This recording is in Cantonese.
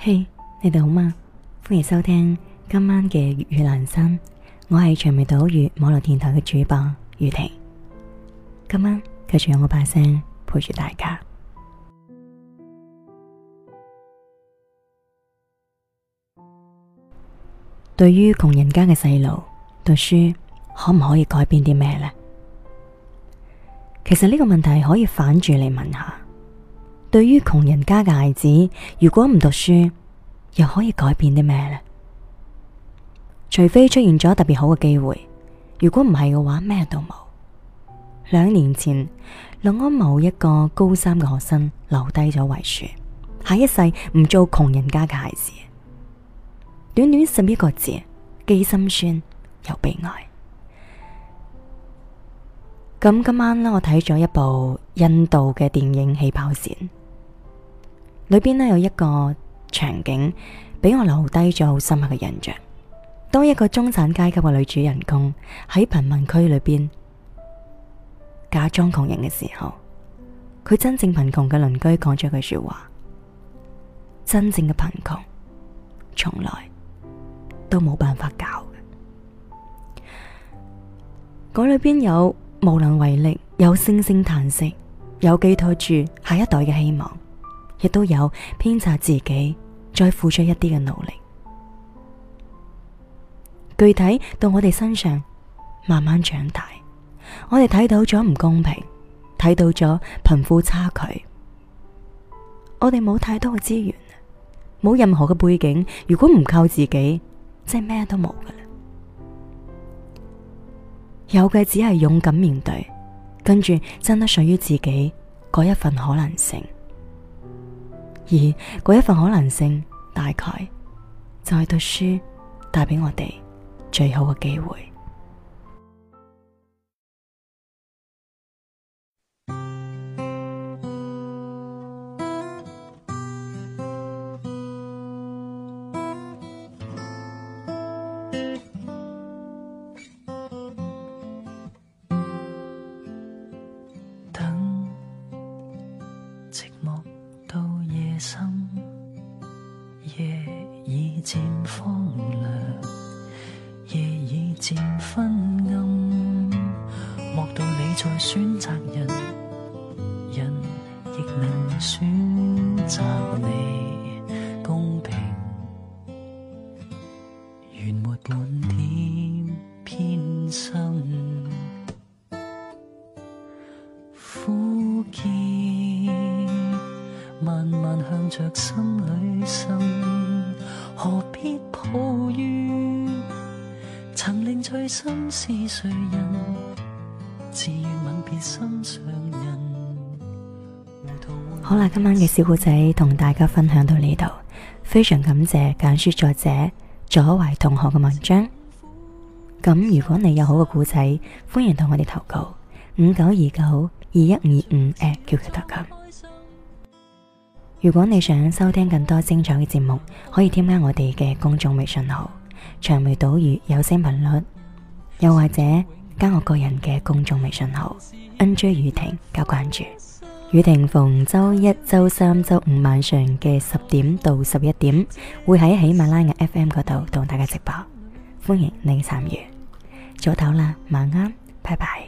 嘿，hey，你哋好嗎？歡迎收聽今晚嘅粵語闌珊，我係長尾島嶼網絡電台嘅主播雨婷。今晚繼續用我把聲陪住大家。 對於窮人家嘅細路讀書，可唔可以改變啲咩呢？其實呢個問題可以反住嚟問下。對於窮人家嘅孩子，如果唔讀書，又可以改變啲咩呢？除非出現咗特別好嘅機會，如果唔係嘅話，咩都冇。兩年前，令安某一個高三嘅學生留低咗遺書，下一世唔做窮人家嘅孩子。短短十一個字，既心酸又悲哀。咁今晚呢，我睇咗一部印度嘅電影《起跑線》。裏邊咧，有一個場景，俾我留低咗好深刻嘅印象。當一個中產階級嘅女主人公喺貧民區裏邊假裝窮人嘅時候，佢真正貧窮嘅鄰居講咗句說話：真正嘅貧窮從來都冇辦法搞嘅。嗰裏邊有無能為力，有聲聲嘆息，有寄託住下一代嘅希望。亦都有鞭策自己，再付出一啲嘅努力。具體到我哋身上，慢慢長大，我哋睇到咗唔公平，睇到咗貧富差距，我哋冇太多嘅資源，冇任何嘅背景。如果唔靠自己，真係咩都冇噶啦。有嘅只係勇敢面對，跟住爭得屬於自己嗰一份可能性。而嗰一份可能性，大概就係讀書帶俾我哋最好嘅機會。漸荒涼，夜已漸昏暗。莫道你在選擇人，人亦能選擇你。公平，原沒半點偏心，苦澀慢慢向着心。心人。好啦，今晚嘅小故仔同大家分享到呢度，非常感謝簡書作者左懷同學嘅文章。咁如果你有好嘅故仔，歡迎同我哋投稿五九二九二一五五，誒，QQ 得噶。如果你想收聽更多精彩嘅節目，可以添加我哋嘅公眾微信號“長眉島嶼有聲頻率”。又或者加我個人嘅公眾微信號 nj 雨婷加關注，雨婷逢周一、周三、周五晚上嘅十點到十一點，會喺喜馬拉雅 FM 嗰度同大家直播，歡迎你參與。早唞啦，晚安，拜拜。